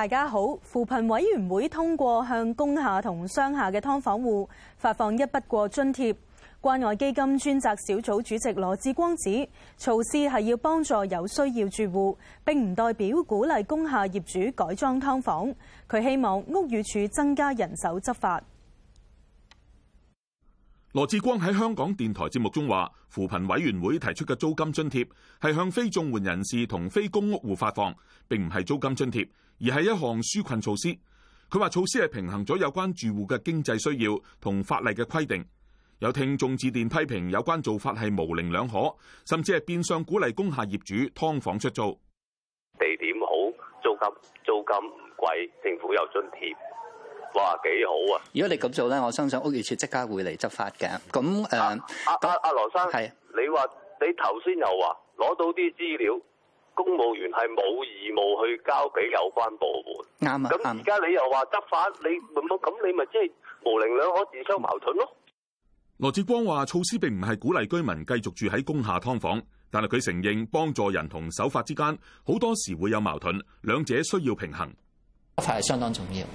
大家好，扶貧委員會通過向工廈同商廈嘅劏房戶發放一筆過津貼。關愛基金專責小組主席羅致光指，措施係要幫助有需要住戶，並唔代表鼓勵工廈業主改裝劏房。佢希望屋宇署增加人手執法。羅致光喺香港電台節目中話，扶貧委員會提出嘅租金津貼係向非綜援人士同非公屋戶發放，並唔係租金津貼，而係一項紓困措施。佢話措施係平衡咗有關住戶嘅經濟需要同法例嘅規定。有聽眾致電批評有關做法係模棱兩可，甚至係變相鼓勵工廈業主劏房出租。地點好，租金租金唔貴，政府有津貼。哇，幾好啊！如果你咁做咧，我相信屋宇署即刻會嚟執法嘅。咁誒，阿阿阿羅生係是，你話你頭先又話攞到啲資料，公務員係冇義務去交俾有關部門。啱啊，啱。咁而家你又話執法，嗯、你咁咁，你咪即係模棱兩可，自相矛盾咯？羅致光話：措施並唔係鼓勵居民繼續住喺工廈劏房，但係佢承認幫助人同守法之間，好多時會有矛盾，兩者需要平衡。執法係相當重要。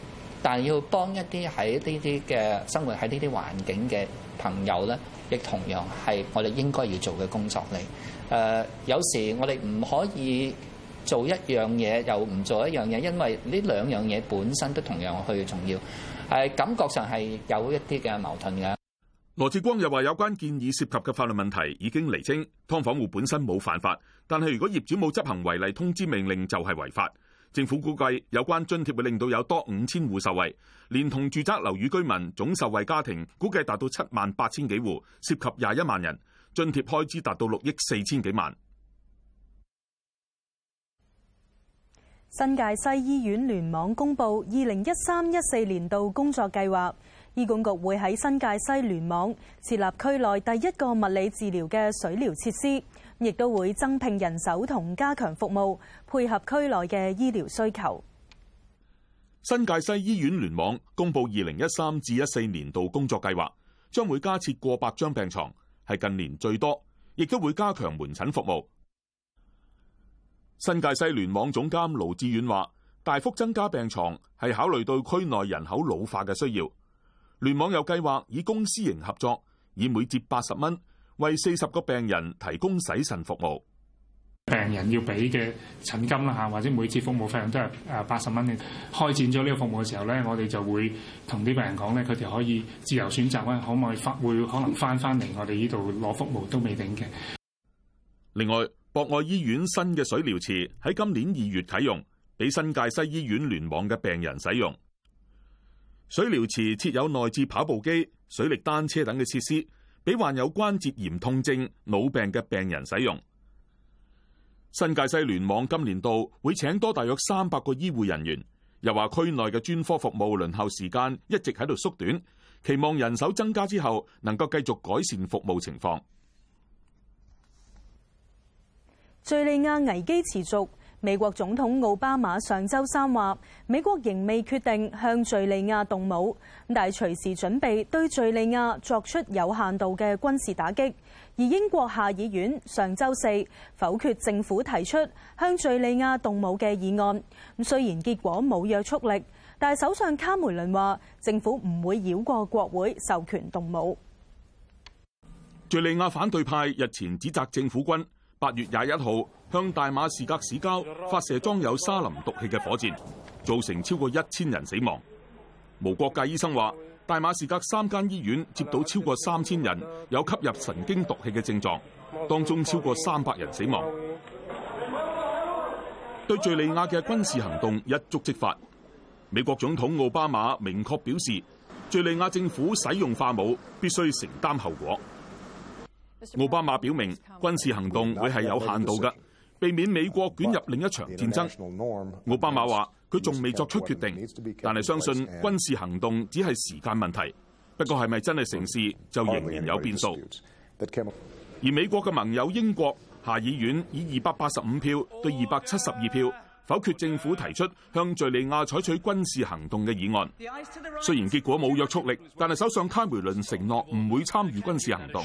但要幫一啲喺呢啲嘅生活喺呢啲環境嘅朋友咧，亦同樣係我哋應該要做嘅工作嚟。誒，有時我哋唔可以做一樣嘢又唔做一樣嘢，因為呢兩樣嘢本身都同樣去重要。係感覺上係有一啲嘅矛盾嘅。羅致光又話：有關建議涉及嘅法律問題已經釐清，劏房戶本身冇犯法，但係如果業主冇執行違例通知命令就係違法。政府估計有關津貼會令到有多五千戶受惠，連同住宅樓宇居民總受惠家庭估計達到七萬八千幾戶，涉及廿一萬人。津貼開支達到六億四千幾萬。新界西醫院聯網公布二零一三一四年度工作計劃，醫管局會喺新界西聯網設立區內第一個物理治療嘅水療設施。亦都會增聘人手同加強服務，配合區內嘅醫療需求。新界西醫院聯網公布二零一三至一四年度工作計劃，將會加設過百張病床，係近年最多，亦都會加強門診服務。新界西聯網總監盧志遠話，大幅增加病床係考慮到區內人口老化嘅需要。聯網有計劃以公私營合作，以每折八十蚊。為四十個病人提供洗腎服務，病人要俾嘅診金啦吓，或者每次服務費用都係誒八十蚊嘅。開展咗呢個服務嘅時候咧，我哋就會同啲病人講咧，佢哋可以自由選擇啦，可唔可以翻會可能翻翻嚟我哋呢度攞服務都未定嘅。另外，博愛醫院新嘅水療池喺今年二月啟用，俾新界西醫院聯網嘅病人使用。水療池設有內置跑步機、水力單車等嘅設施。俾患有關節炎、痛症、腦病嘅病人使用。新界西聯網今年度會請多大約三百個醫護人員，又話區內嘅專科服務輪候時間一直喺度縮短，期望人手增加之後能夠繼續改善服務情況。敘利亞危機持續。美國總統奧巴馬上周三話，美國仍未決定向敘利亞動武，但係隨時準備對敘利亞作出有限度嘅軍事打擊。而英國下議院上周四否決政府提出向敘利亞動武嘅議案。咁雖然結果冇約束力，但係首相卡梅倫話，政府唔會繞過國會授權動武。敘利亞反對派日前指責政府軍八月廿一號。向大馬士革市郊發射裝有沙林毒氣嘅火箭，造成超過一千人死亡。無國界醫生話，大馬士革三間醫院接到超過三千人有吸入神經毒氣嘅症狀，當中超過三百人死亡。對敘利亞嘅軍事行動一觸即發。美國總統奧巴馬明確表示，敘利亞政府使用化武必須承擔後果。奧巴馬表明，軍事行動會係有限度嘅。避免美國捲入另一場戰爭，奧巴馬話：佢仲未作出決定，但係相信軍事行動只係時間問題。不過係咪真係成事就仍然有變數。 而美國嘅盟友英國下議院以二百八十五票對二百七十二票，否決政府提出向敍利亞採取軍事行動嘅議案，雖然結果冇約束力，但係首相卡梅倫承諾唔會參與軍事行動。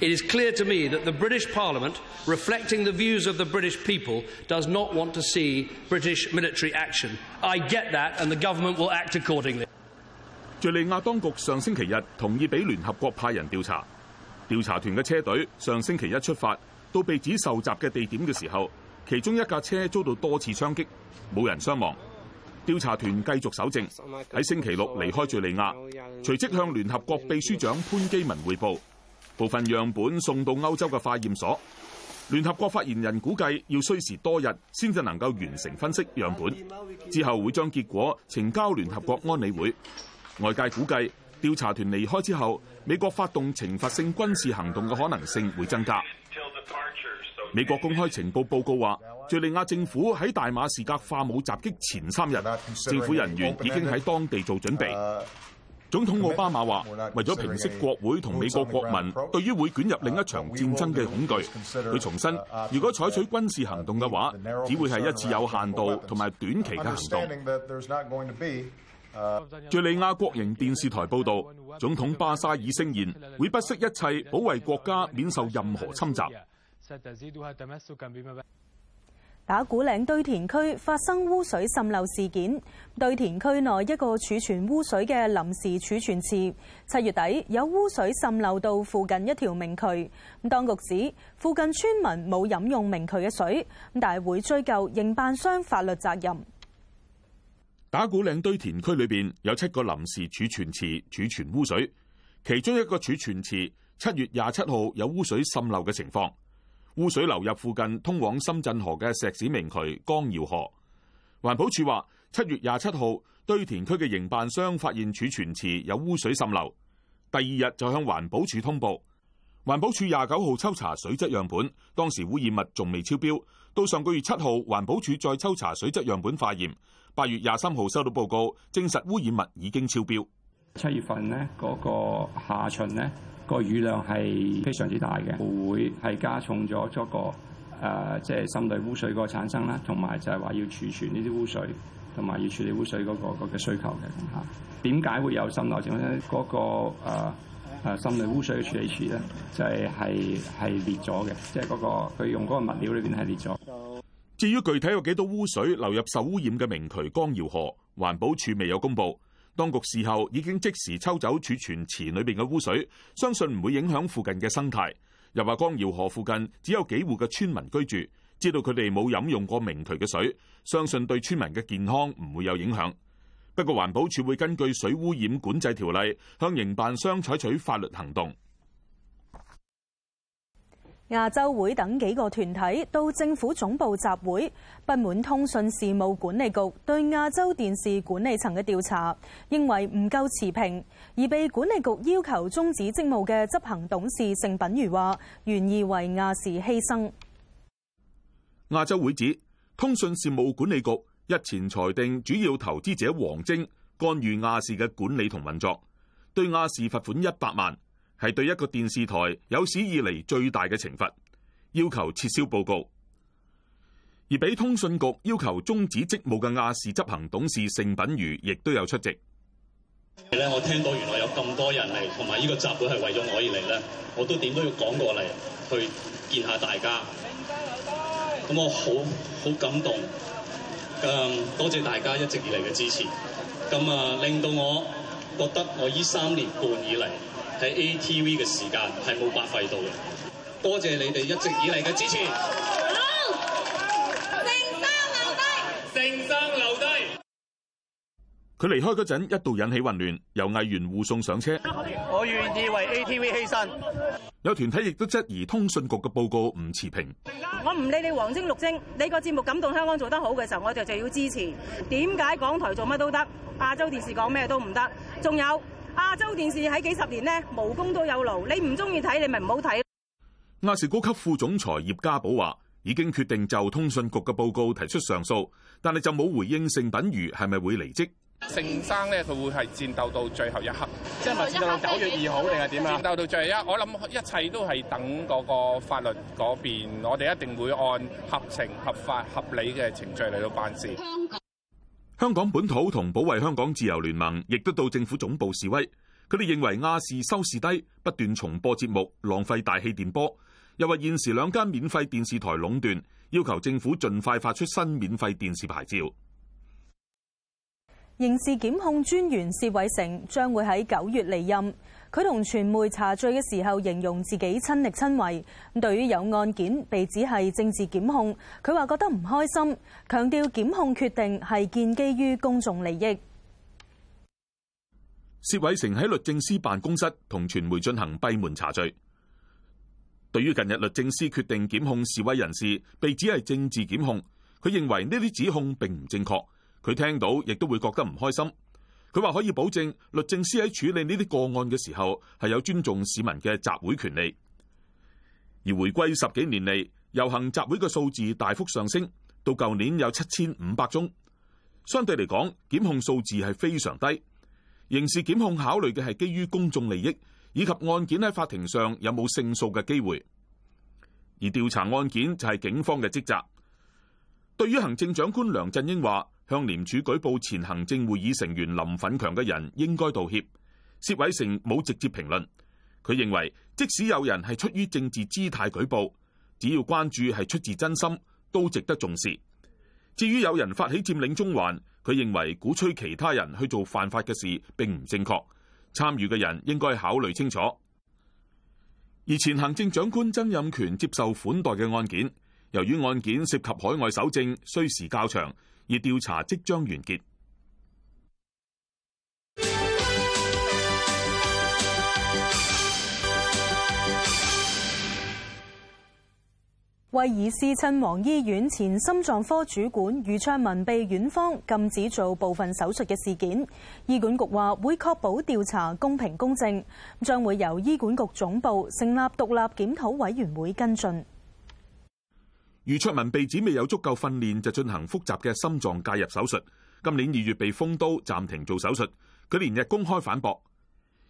It is clear to me that the British Parliament, reflecting the views of the British people, does not want to see British military action. I get that, and the government will act accordingly. 敍利亞當局上星期日同意俾聯合國派人調查，調查團嘅車隊上星期一出發，到被指受襲嘅地點嘅時候。其中一架車遭到多次槍擊，冇人傷亡。調查團繼續搜證，喺星期六離開敍利亞，隨即向聯合國秘書長潘基文匯報。部分樣本送到歐洲嘅化驗所。聯合國發言人估計要需時多日先至能夠完成分析樣本，之後會將結果呈交聯合國安理會。外界估計，調查團離開之後，美國發動懲罰性軍事行動嘅可能性會增加。美國公開情報報告話，叙利亞政府喺大馬士革化武襲擊前三日，政府人員已經喺當地做準備。總統奧巴馬話，為咗平息國會同美國國民對於會捲入另一場戰爭嘅恐懼，佢重申，如果採取軍事行動嘅話，只會係一次有限度同埋短期嘅行動。叙利亞國營電視台報道，總統巴沙爾聲言，會不惜一切保衛國家免受任何侵襲。打鼓嶺堆填區發生污水滲漏事件，堆填區內一個儲存污水嘅臨時儲存池，七月底有污水滲漏到附近一條明渠。咁當局指附近村民冇飲用明渠嘅水，但係會追究營辦商法律責任。打鼓嶺堆填區裏邊有七個臨時儲存池儲存污水，其中一個儲存池七月廿七號有污水滲漏嘅情況。污水流入附近通往深圳河嘅石屎明渠——江瑤河。環保署話，七月廿七號堆填區嘅營辦商發現儲存池有污水滲漏，第二日就向環保署通報。環保署廿九號抽查水質樣本，當時污染物仲未超標。到上個月七號，環保署再抽查水質樣本化驗，八月廿三號收到報告，證實污染物已經超標。七月份呢嗰、嗰個下旬呢，個雨量係非常之大嘅，會係加重咗咗、嗰個誒，即係滲漏污水個產生啦，同埋就係話要儲存呢啲污水，同埋要處理污水嗰、嗰個嘅、嗰個、需求嘅嚇。點解會有滲漏？因為嗰個誒誒滲漏污水嘅處理處咧、就係，就係係係裂咗嘅，即係嗰個佢用嗰個物料裏邊係裂咗。至於具體有幾多污水流入受污染嘅明渠江瑤河，環保署未有公布。當局事後已經即時抽走儲存池裏邊嘅污水，相信唔會影響附近嘅生態。又話江瑤河附近只有幾戶嘅村民居住，知道佢哋冇飲用過明渠嘅水，相信對村民嘅健康唔會有影響。不過環保署會根據《水污染管制條例》向營辦商採取法律行動。亞洲會等幾個團體到政府總部集會，不滿通訊事務管理局對亞洲電視管理層嘅調查，認為唔夠持平，而被管理局要求終止職務嘅執行董事盛品儒話，願意為亞視犧牲。亞洲會指，通訊事務管理局日前裁定主要投資者王征干預亞視嘅管理同運作，對亞視罰款一百萬。係對一個電視台有史以嚟最大嘅懲罰，要求撤銷報告，而俾通訊局要求終止職務嘅亞視執行董事盛品儒，亦都有出席。咧，我聽到原來有咁多人嚟，同埋呢個集會係為咗我而嚟咧，我都點都要趕過嚟去見下大家。咁我好好感動，多謝大家一直以嚟嘅支持，咁啊令到我覺得我呢三年半以嚟，喺 ATV 嘅時間係冇白費到嘅，多謝你哋一直以嚟嘅支持。剩生留低，剩生留低。佢離開嗰陣一度引起混亂，由藝員護送上車。我願意為 ATV 犧牲。有團體亦都質疑通訊局嘅報告唔持平。我唔理你黃晶綠晶，你個節目感動香港做得好嘅時候，我哋就要支持。點解港台做乜都得，亞洲電視講咩都唔得？仲有。亞洲電視喺幾十年呢，無功都有勞。你唔中意睇，你咪唔好睇。亞視高級副總裁葉家寶話：已經決定就通訊局嘅報告提出上訴，但係就冇回應。盛品儒係咪會離職？盛生咧，佢會係戰鬥到最後一刻。即係咪戰鬥到九月二號定係點啊？機樣戰鬥到最後一刻，我諗一切都係等嗰個法律嗰邊，我哋一定會按合情、合法、合理嘅程序嚟到辦事。香港香港本土同保衛香港自由聯盟亦都到政府總部示威，佢哋認為亞視收視低，不斷重播節目浪費大氣電波，又話現時兩間免費電視台壟斷，要求政府盡快發出新免費電視牌照。刑事檢控專員薛偉成將會喺九月離任。佢同傳媒查罪嘅時候，形容自己親力親為。咁對於有案件被指係政治檢控，佢話覺得唔開心，強調檢控決定係建基於公眾利益。薛偉成喺律政司辦公室同傳媒進行閉門查罪。對於近日律政司決定檢控示威人士，被指係政治檢控，佢認為呢啲指控並唔正確，佢聽到亦都會覺得唔開心。佢話可以保證律政司喺處理呢啲個案嘅時候係有尊重市民嘅集會權利。而回歸十幾年嚟，遊行集會嘅數字大幅上升，到舊年有七千五百宗，相對嚟講檢控數字係非常低。刑事檢控考慮嘅係基於公眾利益以及案件喺法庭上有冇勝訴嘅機會。而調查案件就係警方嘅職責。對於行政長官梁振英話，向廉署舉報前行政會議成員林奮強嘅人應該道歉。薛偉成冇直接評論，佢認為即使有人係出於政治姿態舉報，只要關注係出自真心，都值得重視。至於有人發起佔領中環，佢認為鼓吹其他人去做犯法嘅事，並唔正確。參與嘅人應該考慮清楚。而前行政長官曾蔭權接受款待嘅案件，由於案件涉及海外搜證，需時較長。而調查即將完結。威爾斯親王醫院前心臟科主管余卓文被院方禁止做部分手術嘅事件，醫管局話會確保調查公平公正，將會由醫管局總部成立獨立檢討委員會跟進。余卓文被指未有足夠訓練就進行複雜嘅心臟介入手術，今年二月被封刀暫停做手術，佢連日公開反駁。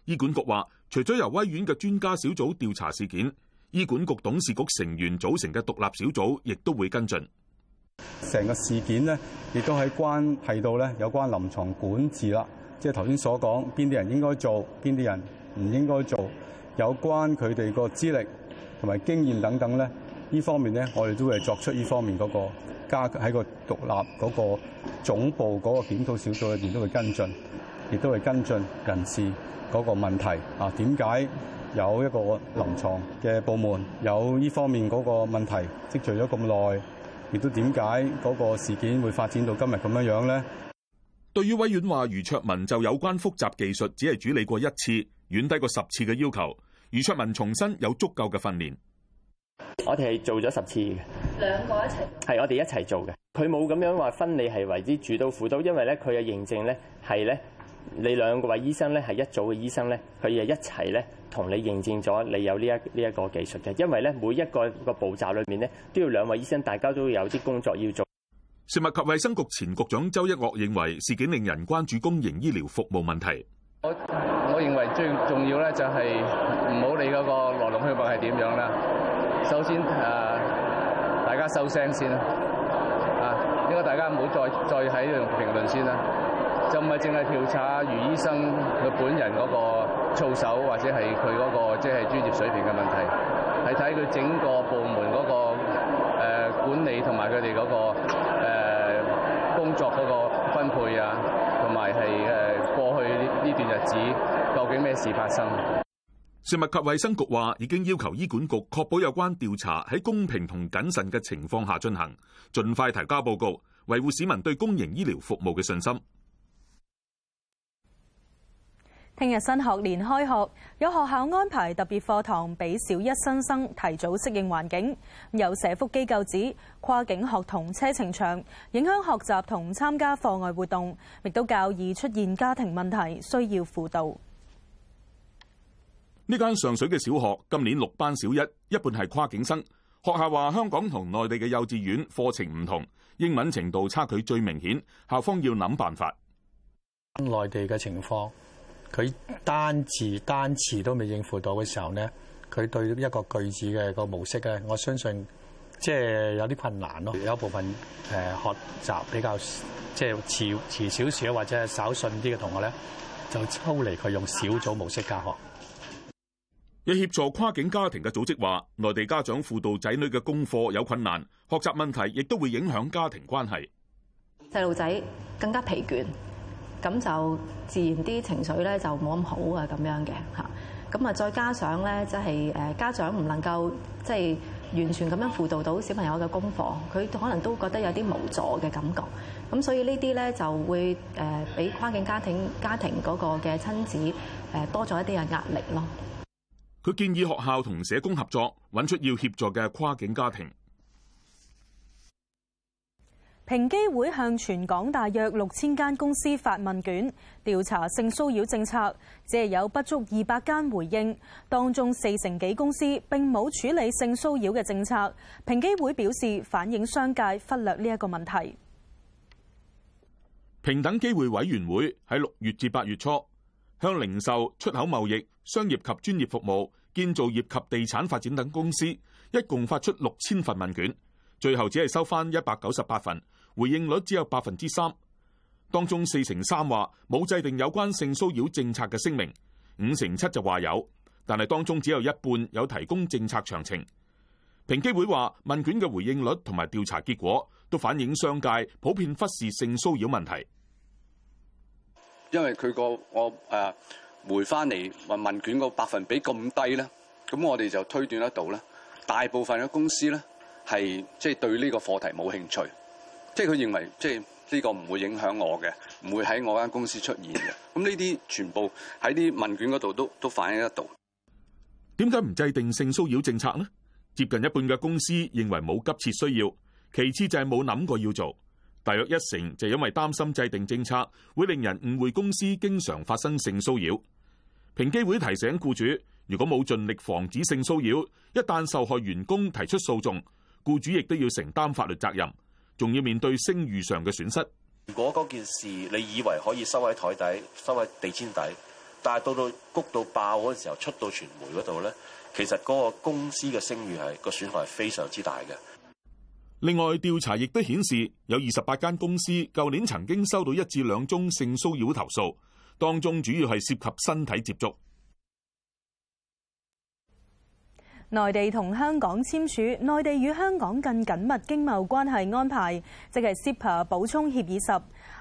醫管局話，除咗由威院嘅專家小組調查事件，醫管局董事局成員組成嘅獨立小組亦都會跟進。成個事件呢，亦都喺關係到呢有關臨床管治啦，即係頭先所講，邊啲人應該做，邊啲人唔應該做，有關佢哋個資歷同埋經驗等等咧。呢方面呢，我哋都會作出呢方面 𠮶 個加喺個獨立 𠮶 個總部 𠮶 個檢討小組裏邊都會跟進，亦都會跟進人事 𠮶 個問題啊，點解有一個臨床嘅部門有呢方面 𠮶 個問題積聚咗咁耐，亦都點解 𠮶 個事件會發展到今日咁樣樣呢？對於委員話余卓文就有關複雜技術只係處理過一次遠低過十次嘅要求余卓文重申有足夠嘅訓練。我哋係做咗十次嘅，兩個一齊係我哋一齊做嘅。佢冇咁樣話分你係為之主刀輔刀，因為咧佢嘅認證咧係咧你兩位醫生咧係一組嘅醫生咧，佢係一齊咧同你認證咗你有呢一呢一個技術嘅。因為咧每一個個步驟裏面咧都要兩位醫生，大家都有啲工作要做。食物及衛生局前局長周一嶽認為事件令人關注公營醫療服務問題。我我認為最重要咧就係唔好理嗰個來龍去脈係點樣啦。首先誒、呃，大家收聲先啦，啊！應該大家唔好再再喺度評論先啦，就唔係淨係調查余醫生佢本人嗰個操守，或者係佢嗰個即係專業水平嘅問題，係睇佢整個部門嗰、嗰個誒、呃、管理同埋佢哋嗰個誒、呃、工作嗰個分配啊，同埋係誒過去呢段日子究竟咩事發生？食物及衛生局話，已經要求醫管局確保有關調查喺公平同謹慎嘅情況下進行，盡快提交報告，維護市民對公營醫療服務嘅信心。聽日新學年開學，有學校安排特別課堂俾小一新生，生提早適應環境。有社福機構指，跨境學童車程長，影響學習同參加課外活動，亦都較易出現家庭問題，需要輔導。呢間上水嘅小學今年六班小一，一半係跨境生。學校話香港同內地嘅幼稚園課程唔同，英文程度差距最明顯，校方要諗辦法。內地嘅情況，佢單字、單詞都未應付到嘅時候呢，佢對一個句子嘅個模式，我相信即係、就是、有啲困難咯。有一部分誒學習比較即係、就是、遲遲少少或者係稍遜啲嘅同學咧，就抽離佢用小組模式教學。有協助跨境家庭嘅組織話，內地家長輔導仔女嘅功課有困難，學習問題亦都會影響家庭關係。細路仔更加疲倦，咁就自然啲情緒咧就冇咁好啊，咁樣嘅嚇。咁啊，再加上咧即係誒家長唔能夠即係完全咁樣輔導到小朋友嘅功課，佢可能都覺得有啲無助嘅感覺。咁所以呢啲咧就會誒俾跨境家庭家庭嗰個嘅親子誒多咗一啲嘅壓力咯。佢建議學校同社工合作，揾出要協助嘅跨境家庭。平機會向全港大約六千間公司發問卷調查性騷擾政策，只係有不足二百間回應，當中四成幾公司並冇處理性騷擾嘅政策。平機會表示反映商界忽略呢一個問題。平等機會委員會喺六月至八月初，向零售、出口貿易、商業及專業服務、建造業及地產發展等公司，一共發出六千份問卷，最後只係收翻一百九十八份，回應率只有百分之三。當中四成三話冇制定有關性騷擾政策嘅聲明，五成七就話有，但係當中只有一半有提供政策詳情。平機會話問卷嘅回應率同埋調查結果都反映商界普遍忽視性騷擾問題。因為佢個我誒回翻嚟問問卷個百分比咁低咧，咁我哋就推斷得到咧，大部分嘅公司咧係即係對呢個課題冇興趣，即係佢認為即係呢個唔會影響我嘅，唔會喺我間公司出現嘅。咁呢啲全部喺啲問卷嗰度都都反映得到。點解唔制定性騷擾政策呢？接近一半嘅公司認為冇急切需要，其次就係冇諗過要做。大約一成就是，因為擔心制定政策會令人誤會公司經常發生性騷擾，平機會提醒僱主，如果冇盡力防止性騷擾，一旦受害員工提出訴訟，僱主亦都要承擔法律責任，仲要面對聲譽上嘅損失。如果嗰件事你以為可以收喺台底，收喺地氈底，但係到到谷到爆嗰時候出到傳媒嗰度咧，其實嗰個公司嘅聲譽係個損害係非常之大嘅。另外，調查亦都顯示有二十八間公司舊年曾經收到一至兩宗性騷擾投訴，當中主要係涉及身體接觸。內地同香港簽署《內地與香港更緊密經貿關係安排》，即係《CEPA 補充協議十》，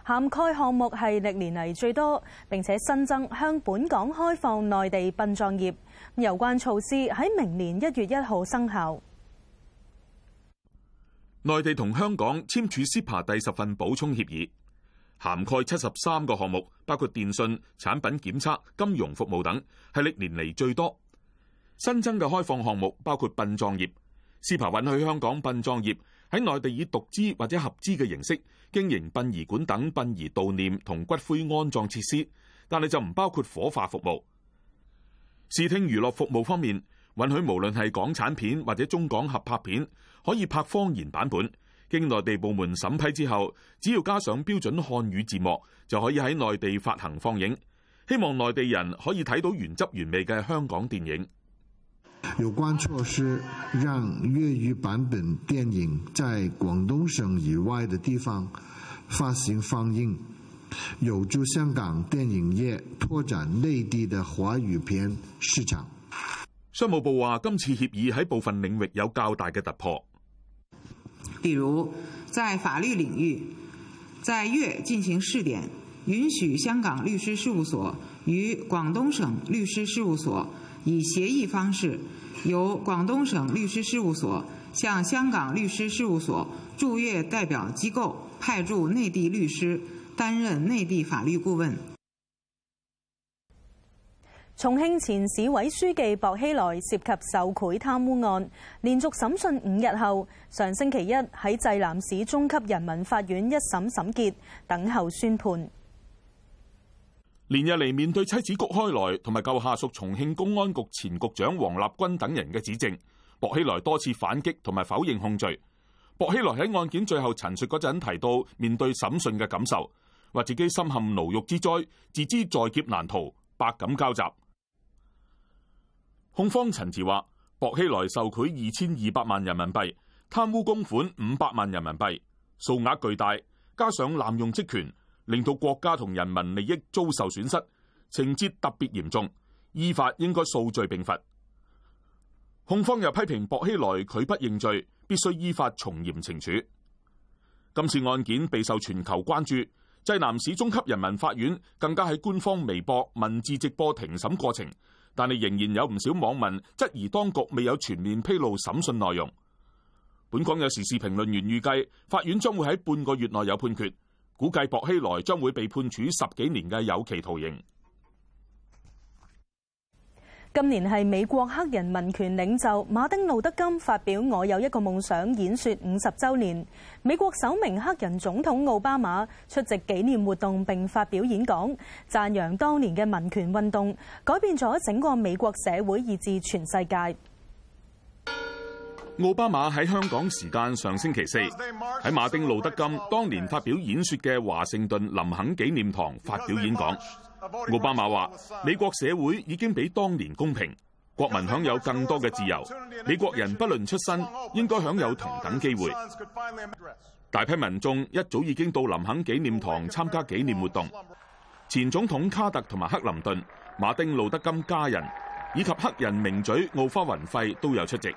涵蓋項目係歷年嚟最多，並且新增向本港開放內地殯葬業，有關措施喺明年一月一號生效。內地同香港簽署 CEPA 第十份補充協議，涵蓋七十三個項目，包括電信、產品檢測、金融服務等，係歷年嚟最多。新增嘅開放項目包括殯葬業，CEPA 允許香港殯葬業喺內地以獨資或者合資嘅形式經營殯儀館等殯儀悼念同骨灰安葬設施，但係就唔包括火化服務。視聽娛樂服務方面。允許無論係港產片或者中港合拍片，可以拍方言版本，經內地部門審批之後，只要加上標準漢語字幕，就可以喺內地發行放映。希望內地人可以睇到原汁原味嘅香港電影。有關措施讓粵語版本電影在廣東省以外的地方發行放映，有助香港電影業拓展內地的華語片市場。商務部話，今次協議喺部分領域有較大嘅突破，比如在法律領域，在粵進行試點，允許香港律師事務所與廣東省律師事務所以協議方式，由廣東省律師事務所向香港律師事務所駐粵代表機構派駐內地律師，擔任內地法律顧問。重慶前市委書記薄熙來涉及受賄貪污案，連續審訊五日後，上星期一喺濟南市中級人民法院一審審結，等候宣判。連日嚟面對妻子谷開來同埋舊下屬重慶公安局前局長王立軍等人嘅指證，薄熙來多次反擊同埋否認控罪。薄熙來喺案件最後陳述嗰陣提到，面對審訊嘅感受，話自己深陷牢獄之災，自知在劫難逃，百感交集。控方陳詞話：薄熙來受賄二千二百萬人民幣，貪污公款五百萬人民幣，數額巨大，加上濫用職權，令到國家同人民利益遭受損失，情節特別嚴重，依法應該數罪並罰。控方又批評薄熙來拒不認罪，必須依法從嚴懲處。今次案件備受全球關注，濟南市中級人民法院更加喺官方微博文字直播庭審過程。但係仍然有唔少網民質疑當局未有全面披露審訊內容。本港有時事評論員預計，法院將會喺半個月內有判決，估計薄熙來將會被判處十幾年嘅有期徒刑。今年係美國黑人民權領袖馬丁路德金發表《我有一個夢想》演說五十週年，美國首名黑人總統奧巴馬出席紀念活動並發表演講，讚揚當年嘅民權運動改變咗整個美國社會，以至全世界。奧巴馬喺香港時間上星期四喺馬丁路德金當年發表演說嘅華盛頓林肯紀念堂發表演講。奧巴馬話：美國社會已經比當年公平，國民享有更多嘅自由。美國人不論出身，應該享有同等機會。大批民眾一早已經到林肯紀念堂參加紀念活動。前總統卡特同埋克林頓、馬丁路德金家人以及黑人名嘴奧花雲費都有出席。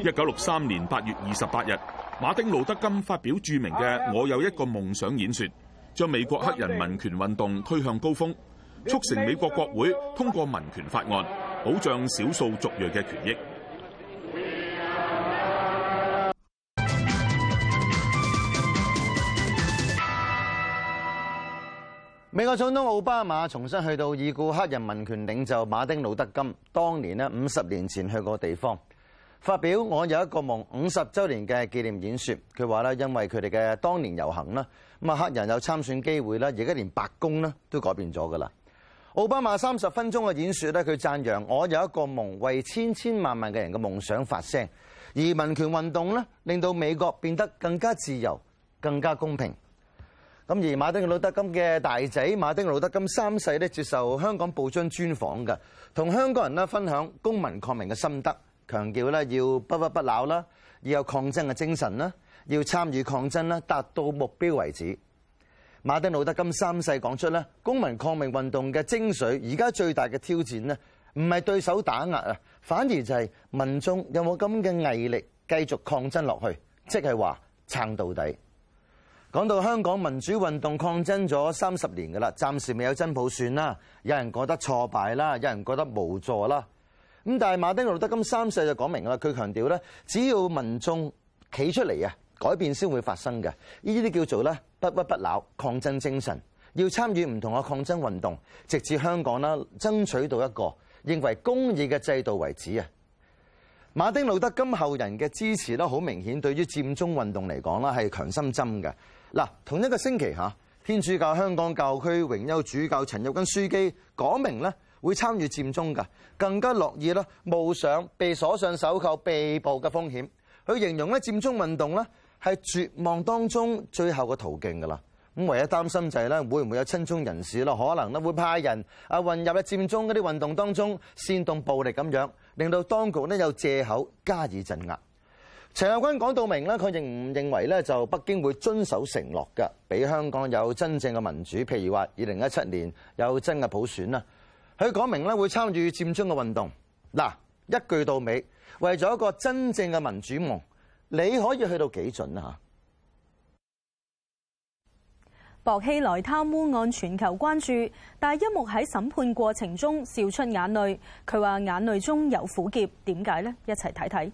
一九六三年八月二十八日，馬丁路德金發表著名嘅《我有一個夢想》演說，將美國黑人民權運動推向高峰，促成美國國會通過民權法案，保障少數族裔嘅權益。美國總統奧巴馬重新去到已故黑人民權領袖馬丁路德金當年呢五十年前去過地方，發表我有一個夢五十週年嘅紀念演說，佢話咧，因為佢哋嘅當年遊行啦，咁啊黑人有參選機會啦，而家連白宮啦都改變咗噶啦。奧巴馬三十分鐘嘅演說咧，佢讚揚我有一個夢，為千千萬萬嘅人嘅夢想發聲，而民權運動呢令到美國變得更加自由、更加公平。咁而馬丁·路德·金嘅大仔馬丁·路德·金三世咧接受香港報章專訪嘅，同香港人咧分享公民抗命嘅心得。強調啦，要不屈不撓啦，要有抗爭嘅精神啦，要參與抗爭啦，達到目標為止。馬丁路德金三世講出咧，公民抗命運動嘅精髓，而家最大嘅挑戰咧，唔係對手打壓啊，反而就係民眾有冇咁嘅毅力繼續抗爭落去，即係話撐到底。講到香港民主運動抗爭咗三十年㗎啦，暫時未有真普選啦，有人覺得挫敗啦，有人覺得無助啦。咁但係馬丁路德金三世就講明啦，佢強調咧，只要民眾企出嚟啊，改變先會發生嘅。呢啲叫做咧不屈不撓抗爭精神，要參與唔同嘅抗爭運動，直至香港啦爭取到一個認為公義嘅制度為止啊！馬丁路德金後人嘅支持咧，好明顯對於佔中運動嚟講咧係強心針嘅。嗱，同一個星期嚇，天主教香港教區榮休主教陳日君樞機講明咧。會參與佔中㗎，更加樂意啦，冒上被鎖上手扣、被捕嘅風險。佢形容咧佔中運動呢係絕望當中最後嘅途徑㗎啦。咁唯一擔心就係咧會唔會有親中人士咧可能咧會派人啊混入咧佔中嗰啲運動當中煽動暴力咁樣，令到當局咧有借口加以鎮壓。陳友軍講到明啦，佢認唔認為咧就北京會遵守承諾嘅，俾香港有真正嘅民主，譬如話二零一七年有真嘅普選啦。佢講明咧會參與佔中嘅運動，嗱，一句到尾，為咗一個真正嘅民主夢，你可以去到幾準啊？薄熙來貪污案全球關注，但一幕喺審判過程中笑出眼淚，佢話眼淚中有苦澀，點解呢？一齊睇睇。